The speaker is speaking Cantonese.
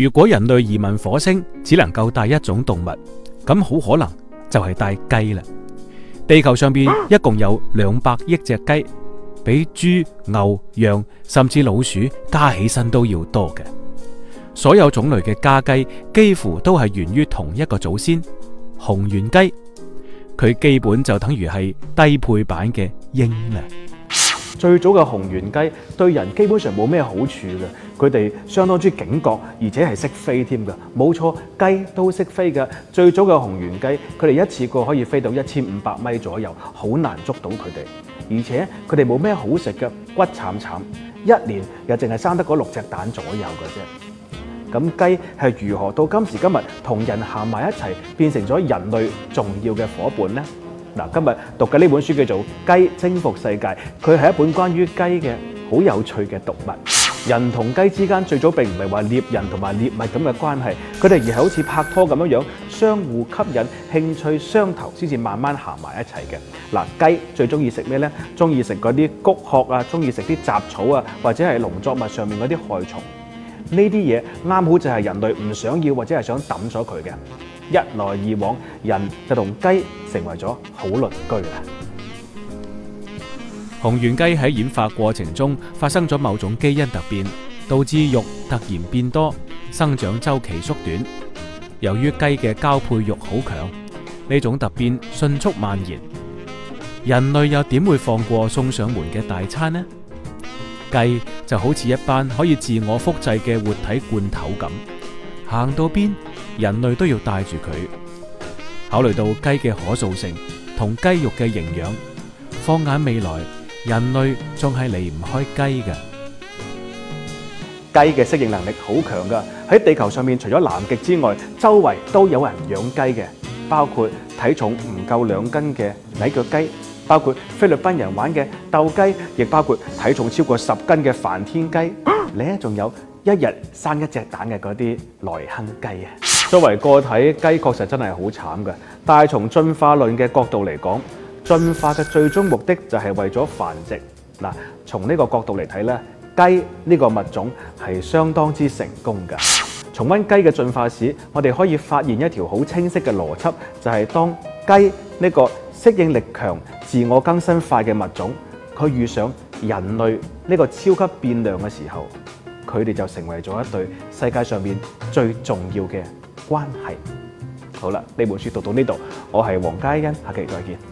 如果人類移民火星，只能夠帶一種動物，咁好可能就係帶雞啦。地球上邊一共有兩百億隻雞，比豬、牛、羊甚至老鼠加起身都要多嘅。所有種類嘅家雞幾乎都係源於同一個祖先——紅原雞。佢基本就等於係低配版嘅鷹啦。最早嘅紅原雞對人基本上冇咩好處嘅，佢哋相當之警覺，而且係識飛添㗎。冇錯，雞都識飛嘅。最早嘅紅原雞，佢哋一次過可以飛到一千五百米左右，好難捉到佢哋。而且佢哋冇咩好食嘅，骨慘慘，一年又淨係生得嗰六隻蛋左右嘅啫。咁雞係如何到今時今日同人行埋一齊，變成咗人類重要嘅伙伴呢？嗱，今日讀嘅呢本書叫做《雞征服世界》，佢係一本關於雞嘅好有趣嘅讀物。人同雞之間最早並唔係話獵人同埋獵物咁嘅關係，佢哋而係好似拍拖咁樣樣，相互吸引、興趣相投，先至慢慢行埋一齊嘅。嗱，雞最中意食咩呢？中意食嗰啲穀殼啊，中意食啲雜草啊，或者係農作物上面嗰啲害蟲。呢啲嘢啱好就係人類唔想要或者係想抌咗佢嘅，一來二往，人就同雞成為咗好鄰居啦。紅原雞喺演化過程中發生咗某種基因突變，導致肉突然變多，生長周期縮短。由於雞嘅交配欲好強，呢種突變迅速蔓延，人類又點會放過送上門嘅大餐呢？雞就好似一班可以自我複製嘅活體罐頭咁，行到邊人類都要帶住佢。考慮到雞嘅可塑性同雞肉嘅營養，放眼未來人類仲係離唔開雞嘅。雞嘅適應能力好強㗎，喺地球上面除咗南極之外，周圍都有人養雞嘅，包括體重唔夠兩斤嘅矮腳雞。包括菲律賓人玩嘅鬥雞，亦包括體重超過十斤嘅梵天雞，你仲 有一日生一隻蛋嘅嗰啲萊亨雞啊。作為個體雞，確實真係好慘㗎。但係從進化論嘅角度嚟講，進化嘅最終目的就係為咗繁殖。嗱，從呢個角度嚟睇咧，雞呢個物種係相當之成功㗎。重温雞嘅進化史，我哋可以發現一條好清晰嘅邏輯，就係、是、當雞呢、這個。適應力強、自我更新快嘅物種，佢遇上人類呢個超級變量嘅時候，佢哋就成為咗一對世界上面最重要嘅關係。好啦，呢本書讀到呢度，我係黃嘉欣，下期再見。